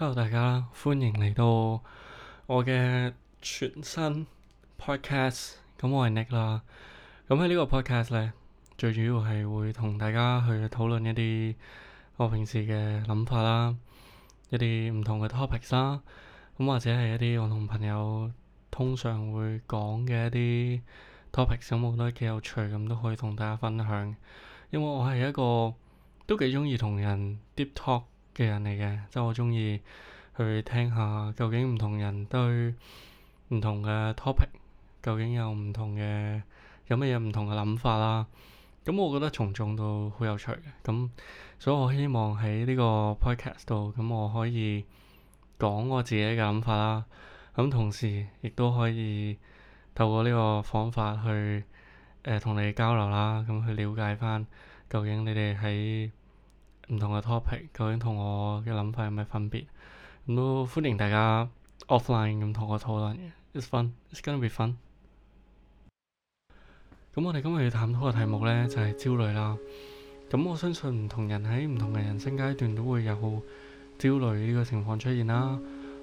hello 大家啦，歡迎嚟到我嘅全新 podcast，咁我係 Nick 啦，咁喺呢個 podcast 呢，最主要係會同大家去討論一啲我平時嘅諗法啦，一啲唔同嘅 topic 啦，咁或者係一啲我同朋友通常會講嘅一啲 topic，咁我覺得幾有趣，咁都可以同大家分享，因為我係一個都幾鍾意同人 deep talk 嘅人嚟嘅，即係我鍾意去聽下究竟唔同人對唔同嘅 topic 究竟有唔同嘅有乜嘢唔同嘅諗法啦。咁、嗯、我覺得從眾都好有趣嘅，咁、嗯、所以我希望喺呢個 podcast 度，咁、嗯、我可以講我自己嘅諗法啦。咁、嗯、同時亦都可以透過呢個方法去誒同、呃、你哋交流啦。咁、嗯、去了解翻究竟你哋喺～唔同嘅 topic，究竟同我嘅諗法有咩分別？咁都歡迎大家 offline 咁同我討論嘅，it's fun，it's gonna be fun。咁我哋今日要探討嘅題目呢就係焦慮啦。咁我相信唔同人喺唔同嘅人生階段都會有焦慮呢個情況出現啦。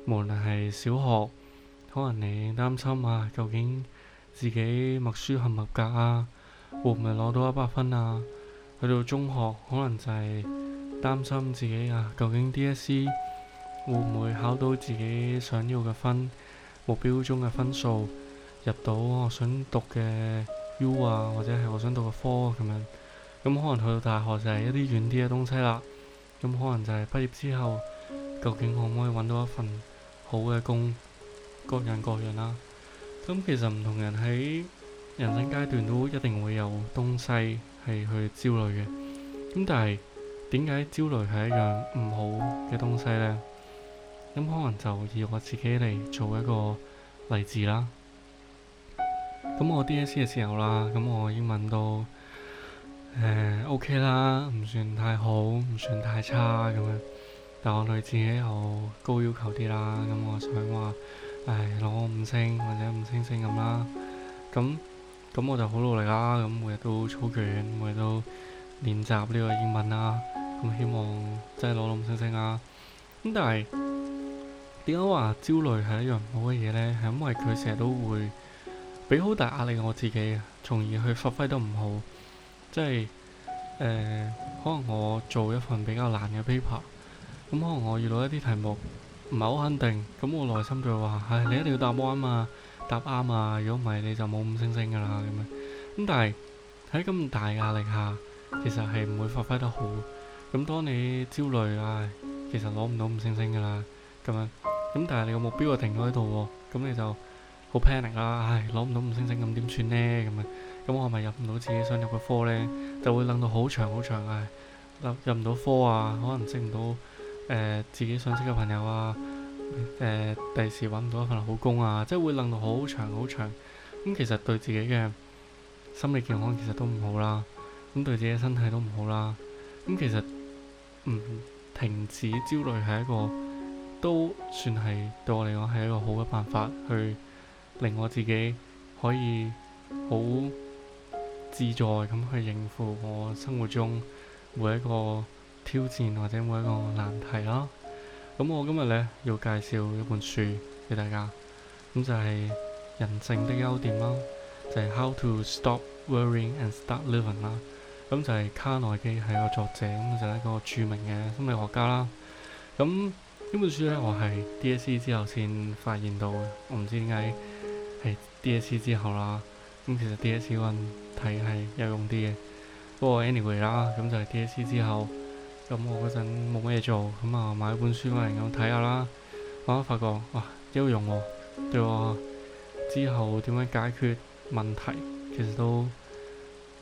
無論係小學，可能你擔心啊，究竟自己默書合唔合格啊，會唔會攞到一百分啊？去到中學，可能就係～擔心自己啊，究竟 DSE 會唔會考到自己想要嘅分，目標中嘅分數，入到我想讀嘅 U 啊，或者係我想讀嘅科咁樣咁，可能去到大學就係一啲遠啲嘅東西啦。咁可能就係畢業之後，究竟可唔可以揾到一份好嘅工？各人各樣啦、啊。咁其實唔同人喺人生階段都一定會有東西係去焦慮嘅。咁但係。點解焦慮係一樣唔好嘅東西呢？咁可能就以我自己嚟做一個例子啦。咁我 DSE 嘅時候啦，咁我英文都、呃、O.K. 啦，唔算太好，唔算太差咁樣。但我對自己又高要求啲啦，咁我想話誒攞五星或者五星星咁啦。咁咁我就好努力啦，咁每日都操卷，每日都。練習呢個英文啊，咁希望真係攞到五星星啊！咁但係點解話焦慮係一樣唔好嘅嘢呢？係因為佢成日都會俾好大壓力我自己，從而去發揮得唔好。即係呃，可能我做一份比較難嘅 paper，咁可能我遇到一啲題目唔係好肯定，咁我內心就會話：唉，你一定要答啱啊，答啱啊！如果唔係，你就冇五星星噶啦咁樣。咁但係喺咁大壓力下，其實係唔會發揮得好，咁當你焦慮，唉，其實攞唔到五星星噶啦，咁樣，咁但係你個目標就停咗喺度喎，咁你就好 panic 啦，唉，攞唔到五星星咁點算呢？咁啊，咁我係咪入唔到自己想入嘅科呢？就會諗到好長好長，唉，入唔到科啊，可能識唔到誒、呃、自己想識嘅朋友啊，誒、呃，第時搵唔到一份好工啊，即、就、係、是、會諗到好長好長，咁、嗯、其實對自己嘅心理健康其實都唔好啦。咁對自己身體都唔好啦。咁其實，嗯，停止焦慮係一個都算係對我嚟講係一個好嘅辦法，去令我自己可以好自在咁去應付我生活中每一個挑戰或者每一個難題啦。咁我今日呢，要介紹一本書俾大家，咁就係《人性的優點》啦，就係、是《How to Stop Worrying and Start Living》啦。咁就係卡內基係一個作者，咁就係一個著名嘅心理學家啦。咁呢本書咧，我係 DSE 之後先發現到嘅，我唔知點解係 DSE 之後啦。咁其實 DSE 溫睇係有用啲嘅，不過 anyway 啦，咁就係 DSE 之後，咁我嗰陣冇乜嘢做，咁啊買咗本書翻嚟咁睇下啦，我一發覺哇，幾好用喎，啊，對我之後點樣解決問題其實都～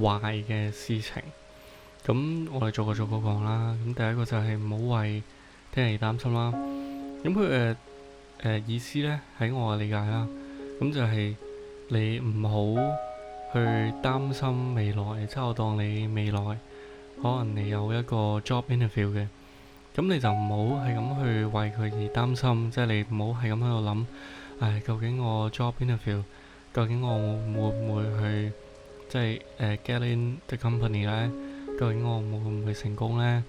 壞嘅事情，咁我哋逐個逐個講啦。咁第一個就係唔好為聽日而擔心啦。咁佢誒誒意思呢，喺我嘅理解啦，咁就係你唔好去擔心未來，之後當你未來可能你有一個 job interview 嘅，咁你就唔好係咁去為佢而擔心，即係你唔好係咁喺度諗，誒究竟我 job interview，究竟我會唔會去？即係誒，get in the company 咧，究竟我會唔會成功咧，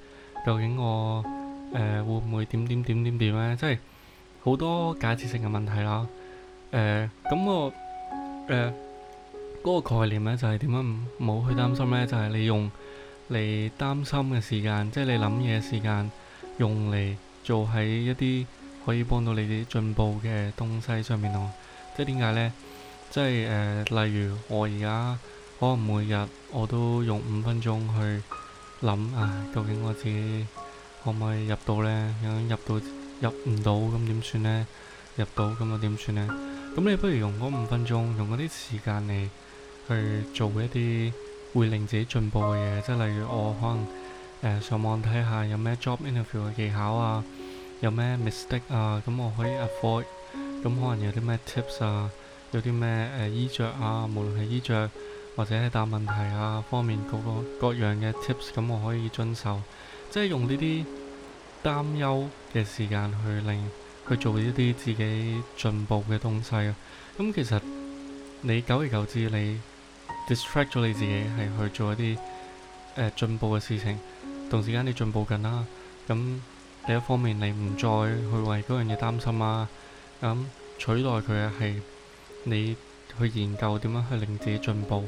究竟我誒，會唔會點點點點點咧？即係好多假設性嘅問題啦。誒，咁我誒嗰個概念咧，就係點樣唔好去擔心咧？就係你用你擔心嘅時間，即係你諗嘢嘅時間，用嚟做喺一啲可以幫到你哋進步嘅東西上面咯。即係點解咧？即係誒，例如我而家。可能每日我都用五分鐘去諗啊，究竟我自己可唔可以入到呢？咁入到入唔到咁點算呢？入到咁我點算呢？咁你不如用嗰五分鐘，用嗰啲時間嚟去做一啲會令自己進步嘅嘢，即係例如我可能、呃、上網睇下有咩 job interview 嘅技巧啊，有咩 mistake 啊，咁我可以 avoid。咁可能有啲咩 tips 啊，有啲咩衣着啊，無論係衣着。或者係答問題啊，方面各個各樣嘅 tips，咁我可以遵守，即係用呢啲擔憂嘅時間去令佢做一啲自己進步嘅東西啊。咁、嗯、其實你久而久之，你 distract 咗你自己，係去做一啲誒、呃、進步嘅事情，同時間你進步緊啦、啊。咁、嗯、第一方面，你唔再去為嗰樣嘢擔心啦、啊。咁、嗯、取代佢嘅係你去研究點樣去令自己進步。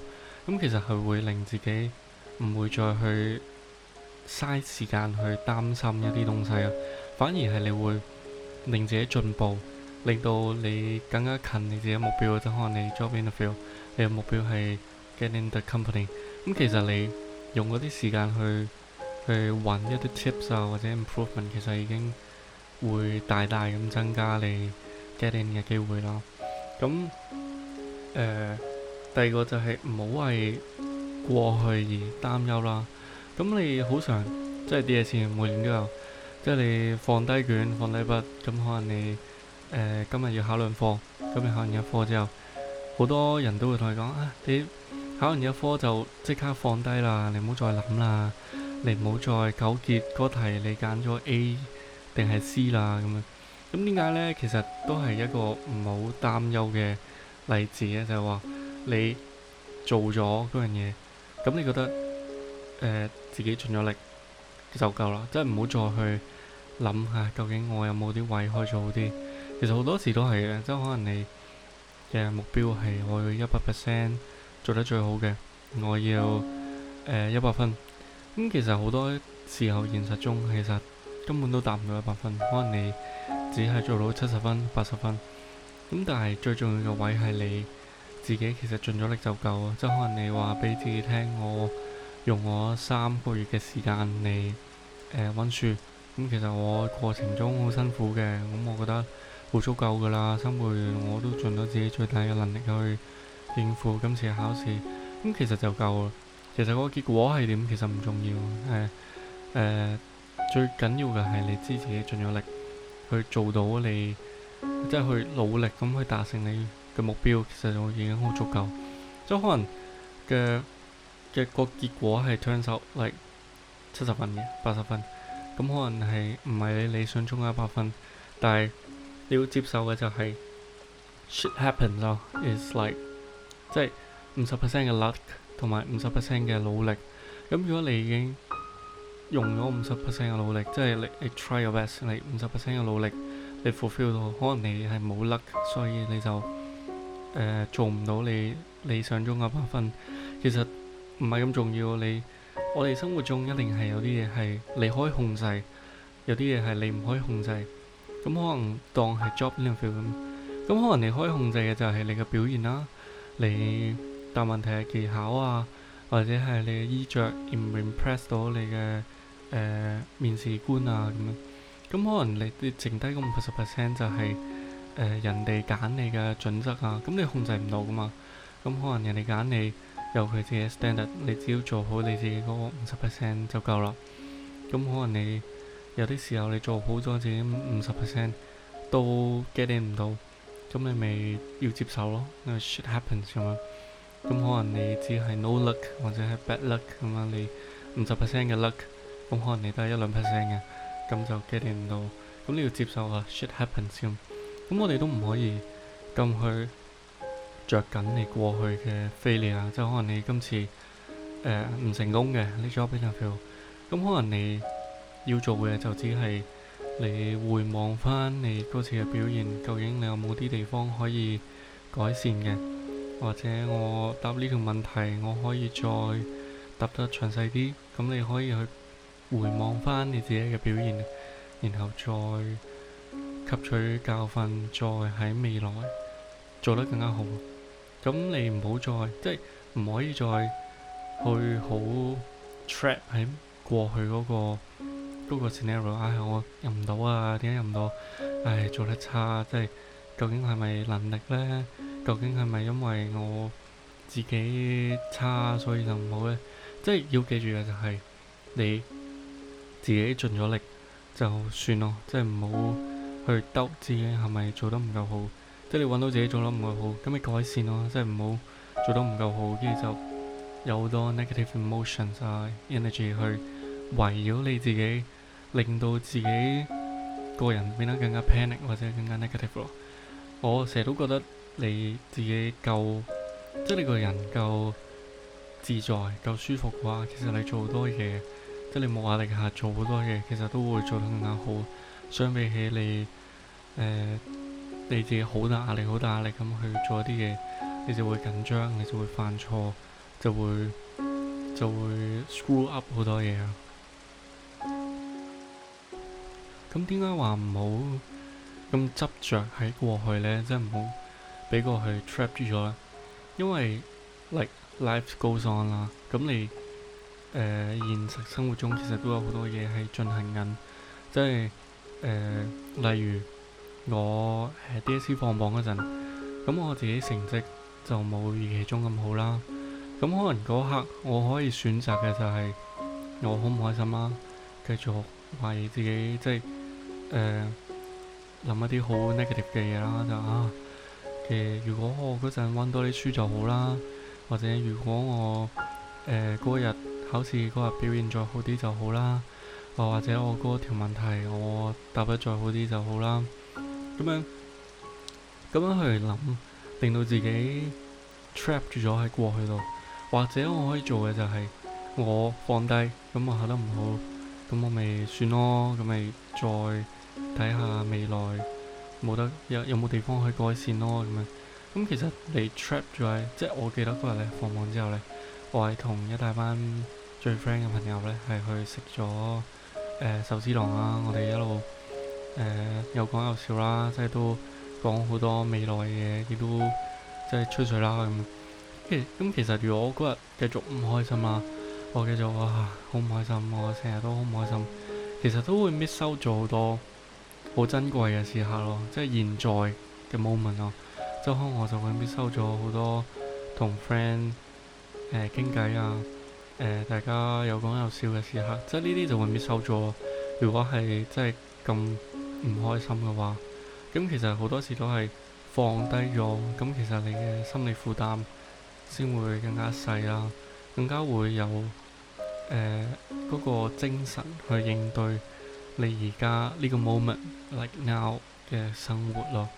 咁其實係會令自己唔會再去嘥時間去擔心一啲東西啊，反而係你會令自己進步，令到你更加近你自己目標嘅。即可能你 job interview，你目標係 get in the company。咁其實你用嗰啲時間去去揾一啲 tips 啊或者 improvement，其實已經會大大咁增加你 get in 嘅機會咯。咁誒第二個就係唔好係過去而擔憂啦。咁你好常即係啲嘢先，每年都有即係你放低卷、放低筆。咁可能你誒、呃、今日要考兩科，今日考完一科之後，好多人都會同你講啊你考完一科就即刻放低啦，你唔好再諗啦，你唔好再糾結嗰題你揀咗 A 定係 C 啦咁樣。咁點解呢？其實都係一個唔好擔憂嘅例子咧，就係、是、話。你做咗嗰樣嘢，咁你覺得、呃、自己盡咗力就夠啦，即係唔好再去諗下究竟我有冇啲位可以做好啲。其實好多時都係嘅，即係可能你嘅目標係我要一百 percent 做得最好嘅，我要一百、呃、分。咁、嗯、其實好多時候現實中其實根本都達唔到一百分，可能你只係做到七十分、八十分。咁、嗯、但係最重要嘅位係你。自己其實盡咗力就夠啊！即係可能你話俾自己聽，我用我三個月嘅時間嚟誒溫書，咁、嗯、其實我過程中好辛苦嘅，咁、嗯、我覺得好足夠噶啦。三個月我都盡咗自己最大嘅能力去應付今次嘅考試，咁、嗯、其實就夠啦。其實個結果係點，其實唔重要。誒、呃、誒、呃，最緊要嘅係你知自己盡咗力去做到你，即係去努力咁、嗯、去達成你嘅目標其實仲已經好足夠。即係可能嘅嘅個結果係 turn 手 like 七十分嘅八十分，咁可能係唔係你理想中嘅一百分，但係你要接受嘅就係 shit happen 咯。It's like 即係五十 percent 嘅 luck 同埋五十 percent 嘅努力。咁如果你已經用咗五十 percent 嘅努力，即係你 try your best，你五十 percent 嘅努力，你 fulfill 到，可能你係冇 luck，所以你就。誒，做唔到你理想中嘅百分，其實唔係咁重要。你，我哋生活中一定係有啲嘢係你可以控制，有啲嘢係你唔可以控制。咁可能當係 job interview 咁，咁可能你可以控制嘅就係你嘅表現啦。你答問題嘅技巧啊，或者係你嘅衣着，唔 impress 到你嘅誒面試官啊咁。咁可能你你剩低嗰五十 percent 就係。呃、人哋揀你嘅準則啊，咁你控制唔到㗎嘛？咁、嗯、可能人哋揀你有佢自己 standard 你只要做好你自己嗰個五十 percent 就夠啦。咁、嗯、可能你有啲時候你做好咗自己五十 percent 都 get in 唔到，咁、嗯、你咪要接受咯，因為 shit happens 咁、嗯、啊。咁、嗯、可能你只係 no luck 或者係 bad luck 咁、嗯、啊，你五十 percent 嘅 luck，咁、嗯、可能你都得一兩 percent 嘅，咁、嗯、就 get in 唔到，咁、嗯、你要接受啊 shit happens 咁、嗯。咁、嗯、我哋都唔可以咁去着緊你過去嘅 failure 啊，即係可能你今次誒唔、呃、成功嘅呢、這個、job interview，咁、嗯、可能你要做嘅就只係你回望翻你嗰次嘅表現，究竟你有冇啲地方可以改善嘅，或者我答呢條問題我可以再答得詳細啲，咁你可以去回望翻你自己嘅表現，然後再，吸取教訓，再喺未來做得更加好。咁你唔好再即係唔可以再去好 track 喺過去嗰個嗰個 scenario，哎。唉，我入唔到啊，點解入唔到？唉，做得差，即係究竟係咪能力呢？究竟係咪因為我自己差，所以就唔好呢？即係要記住嘅就係你自己盡咗力就算咯，即係唔好。去 doubt 自己係咪做得唔夠好？即係你揾到自己做得唔夠好，咁咪改善咯，即係唔好做得唔夠好，跟住就有好多 negative emotions 啊，energy 去圍繞你自己，令到自己個人變得更加 panic 或者更加 negative 咯。我成日都覺得你自己夠，即係你個人夠自在、夠舒服嘅話，其實你做好多嘢，即係你冇壓力下做好多嘢，其實都會做得更加好，相比起你。呃、你自己好大壓力，好大壓力咁去做一啲嘢，你就會緊張，你就會犯錯，就會就會 screw up 好多嘢啊！咁點解話唔好咁執着喺過去呢？即係唔好俾過去 trap 住咗。因為 like life goes on 啦，咁你誒、呃、現實生活中其實都有好多嘢係進行緊，即係、呃、例如。我誒，D.S.C 放榜嗰陣，咁我自己成績就冇預期中咁好啦。咁可能嗰刻我可以選擇嘅就係我好唔開心啦、啊。繼續懷疑自己即係誒諗一啲好 negative 嘅嘢啦，就啊誒，如果我嗰陣溫多啲書就好啦，或者如果我誒嗰、呃嗰、日考試嗰日表現再好啲就好啦，或或者我嗰條問題我答得再好啲就好啦。咁樣，咁樣去諗，令到自己 trap 住咗喺過去度，或者我可以做嘅就係、是、我放低，咁我考得唔好，咁我咪算咯，咁咪再睇下未來冇得有有冇地方可以改善咯，咁樣。咁、嗯、其實你 trap 住喺，即係我記得嗰日咧放榜之後咧，我係同一大班最 friend 嘅朋友咧，係去食咗誒壽司郎啦、啊。我哋一路。誒、呃，又講又笑啦，即係都講好多未來嘢，亦都即係吹水啦咁。咁，其實如果嗰日繼續唔開心啦、啊，我繼續啊，好唔開心，我成日都好唔開心。其實都會 miss 收咗好多好珍貴嘅時刻咯，即係現在嘅 moment 咯。即係可能我就會 miss 收咗好多同 friend 誒傾偈啊，誒、呃、大家又講又笑嘅時刻，即係呢啲就會 miss 收咗。如果係即係咁。唔開心嘅話，咁其實好多時都係放低咗，咁其實你嘅心理負擔先會更加細啦、啊，更加會有誒嗰、呃嗰個精神去應對你而家呢個 moment like now 嘅生活咯、啊。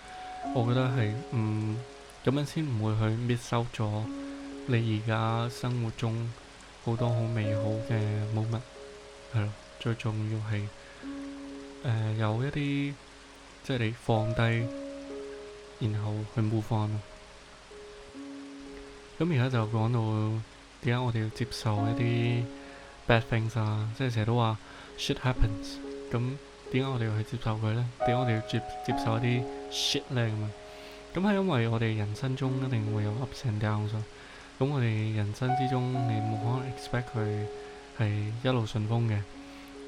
我覺得係嗯咁樣先唔會去 miss out 咗你而家生活中好多好美好嘅 moment，係咯，最重要係。呃、有一啲，即係你放低，然後去 move on。咁而家就講到點解我哋要接受一啲 bad things 啊？即係成日都話 shit happens、嗯。咁點解我哋要去接受佢呢？點解我哋要接接受一啲 shit 呢？咁、嗯、啊？咁、嗯、係因為我哋人生中一定會有 ups and downs、啊。s、嗯、咁我哋人生之中，你冇可能 expect 佢係一路順風嘅。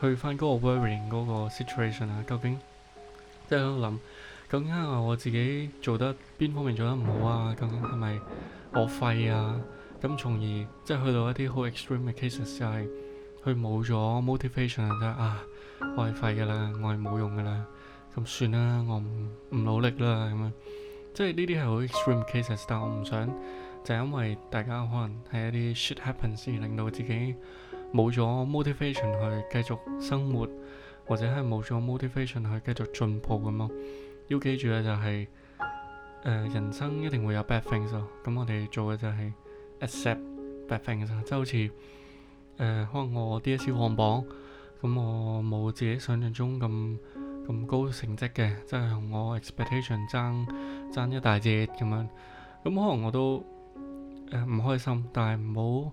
去返嗰個 worrying 嗰個 situation 啊、就是，究竟即係喺度諗，究竟啊我自己做得邊方面做得唔好啊？究竟係咪我廢啊？咁從而即係、就是、去到一啲好 extreme 嘅 cases，就係佢冇咗 motivation 啊！係啊，我係廢㗎啦，我係冇用㗎啦，咁、嗯、算啦，我唔唔努力啦咁樣。即係呢啲係好 extreme cases，但我唔想就係、是、因為大家可能係一啲 shit happen，而令到自己。冇咗 motivation 去繼續生活，或者係冇咗 motivation 去繼續進步咁咯。要記住嘅就係，誒人生一定會有 bad things 咯。咁我哋做嘅就係 accept bad things 啊，即係好似誒可能我 DSE 放榜，咁我冇自己想象中咁咁高成績嘅，即係同我 expectation 爭爭一大截咁樣，咁可能我都誒唔開心，但係唔好。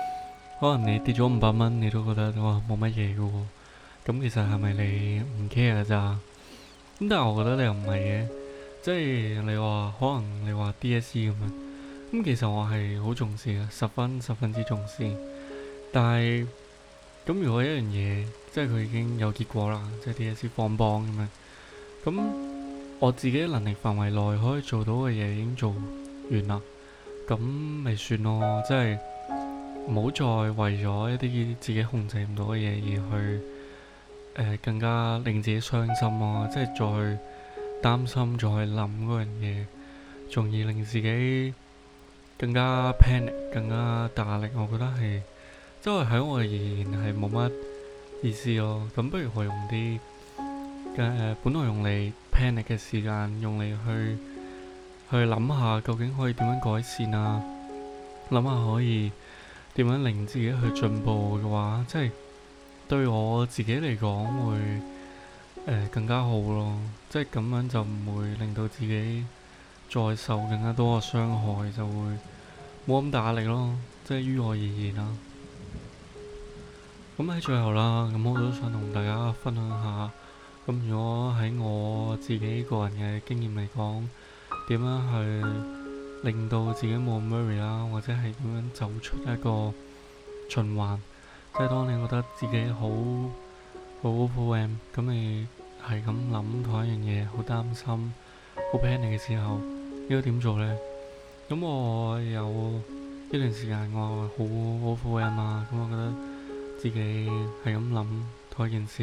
可能你跌咗五百蚊，你都覺得哇冇乜嘢噶喎。咁其實係咪你唔 care 咋？咁但係我覺得你又唔係嘅，即係你話可能你話 DSC 咁樣。咁其實我係好重視嘅，十分十分之重視。但係咁如果一樣嘢，即係佢已經有結果啦，即係 DSC 放榜咁樣。咁我自己能力範圍內可以做到嘅嘢已經做完啦，咁咪算咯，即係。唔好再為咗一啲自己控制唔到嘅嘢而去、呃，更加令自己傷心啊，即係再去擔心，再去諗嗰樣嘢，仲要令自己更加 panic，更加大力。我覺得係，即係喺我哋而言係冇乜意思咯、啊。咁不如我用啲誒、呃，本來用嚟 panic 嘅時間，用嚟去去諗下究竟可以點樣改善啊，諗下可以。點樣令自己去進步嘅話，即係對我自己嚟講會、呃、更加好咯。即係咁樣就唔會令到自己再受更加多嘅傷害，就會冇咁大壓力咯。即係於我而言啦、啊。咁喺最後啦，咁我都想同大家分享下。咁如果喺我自己個人嘅經驗嚟講，點樣去令到自己冇咁 worry 啦，或者係點樣走出一個循環，即係當你覺得自己好好 poem 咁，over land, 你係咁諗同一樣嘢，好擔心、好 panic 嘅時候，應該點做呢？咁我有一段時間我好好 poem 啊，咁我覺得自己係咁諗同一件事，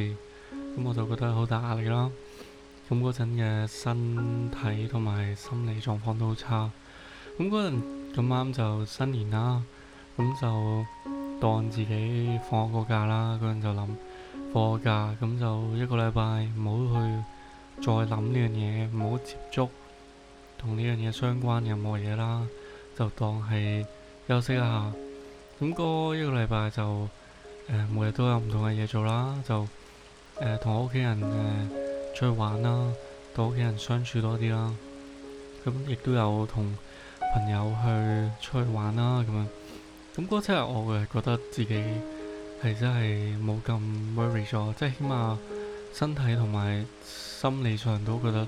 咁我就覺得好大壓力啦。咁嗰陣嘅身體同埋心理狀況都好差。咁嗰陣咁啱就新年啦，咁就當自己放個假啦。嗰陣就諗放個假，咁就一個禮拜唔好去再諗呢樣嘢，唔好接觸同呢樣嘢相關任何嘢啦。就當係休息一下。咁嗰一個禮拜就誒每日都有唔同嘅嘢做啦，就誒同屋企人誒出去玩啦，同屋企人相處多啲啦。咁亦都有同朋友去出去玩啦，咁樣咁七日我會覺得自己係真係冇咁 worry 咗，即係起碼身體同埋心理上都覺得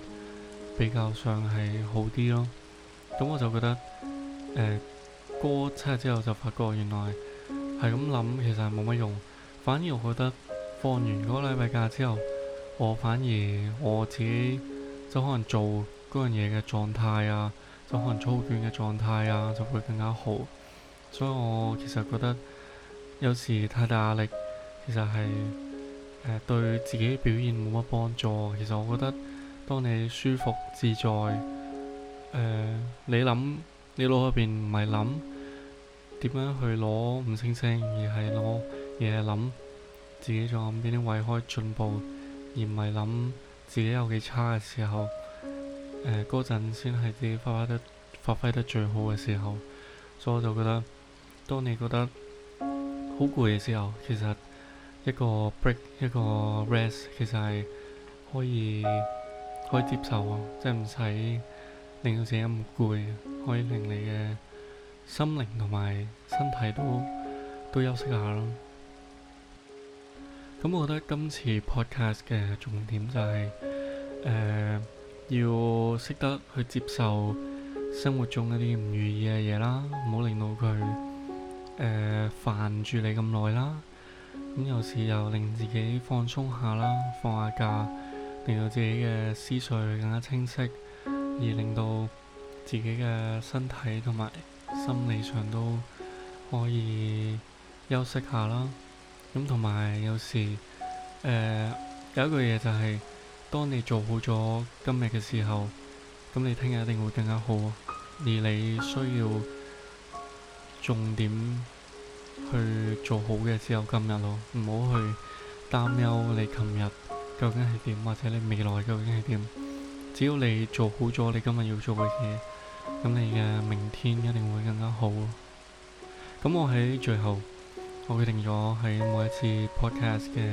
比較上係好啲咯。咁我就覺得誒，七日之後就發覺原來係咁諗其實係冇乜用，反而我覺得放完嗰個禮拜假之後，我反而我自己就可能做嗰樣嘢嘅狀態啊。所可能操卷嘅狀態啊，就會更加好。所以我其實覺得有時太大壓力，其實係誒、呃、對自己表現冇乜幫助。其實我覺得當你舒服自在，呃、你諗你腦入邊唔係諗點樣去攞五星星，而係攞而係諗自己在邊啲位可以進步，而唔係諗自己有幾差嘅時候。誒，嗰陣先係自己發揮得發揮得最好嘅時候，所以我就覺得當你覺得好攰嘅時候，其實一個 break 一個 rest 其實係可以可以接受啊，即係唔使令到自己咁攰，可以令你嘅心靈同埋身體都都休息下咯。咁我覺得今次 podcast 嘅重點就係、是呃要識得去接受生活中嗰啲唔如意嘅嘢啦，唔好令到佢誒煩住你咁耐啦。咁有時又令自己放鬆下啦，放下假，令到自己嘅思緒更加清晰，而令到自己嘅身體同埋心理上都可以休息下啦。咁同埋有時、呃、有一句嘢就係。當你做好咗今日嘅時候，咁你聽日一定會更加好。而你需要重點去做好嘅只有今日咯，唔好去擔憂你琴日究竟係點，或者你未來究竟係點。只要你做好咗你今日要做嘅嘢，咁你嘅明天一定會更加好。咁我喺最後，我決定咗喺每一次 podcast 嘅。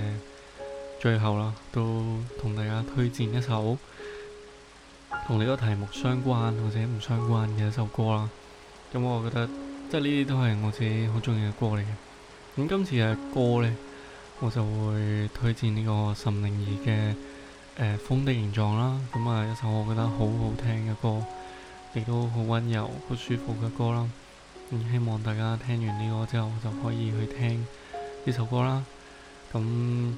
最後啦，都同大家推薦一首同你個題目相關或者唔相關嘅一首歌啦。咁、嗯、我覺得即係呢啲都係我自己好中意嘅歌嚟嘅。咁、嗯、今次嘅歌呢，我就會推薦呢個岑寧兒嘅《誒、呃、風的形狀》啦。咁、嗯、啊，一首我覺得好好聽嘅歌，亦都好溫柔、好舒服嘅歌啦。咁、嗯、希望大家聽完呢個之後就可以去聽呢首歌啦。咁、嗯。